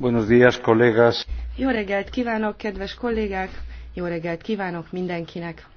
Buenos días, kollégás. Jó reggelt kívánok, kedves kollégák! Jó reggelt kívánok mindenkinek!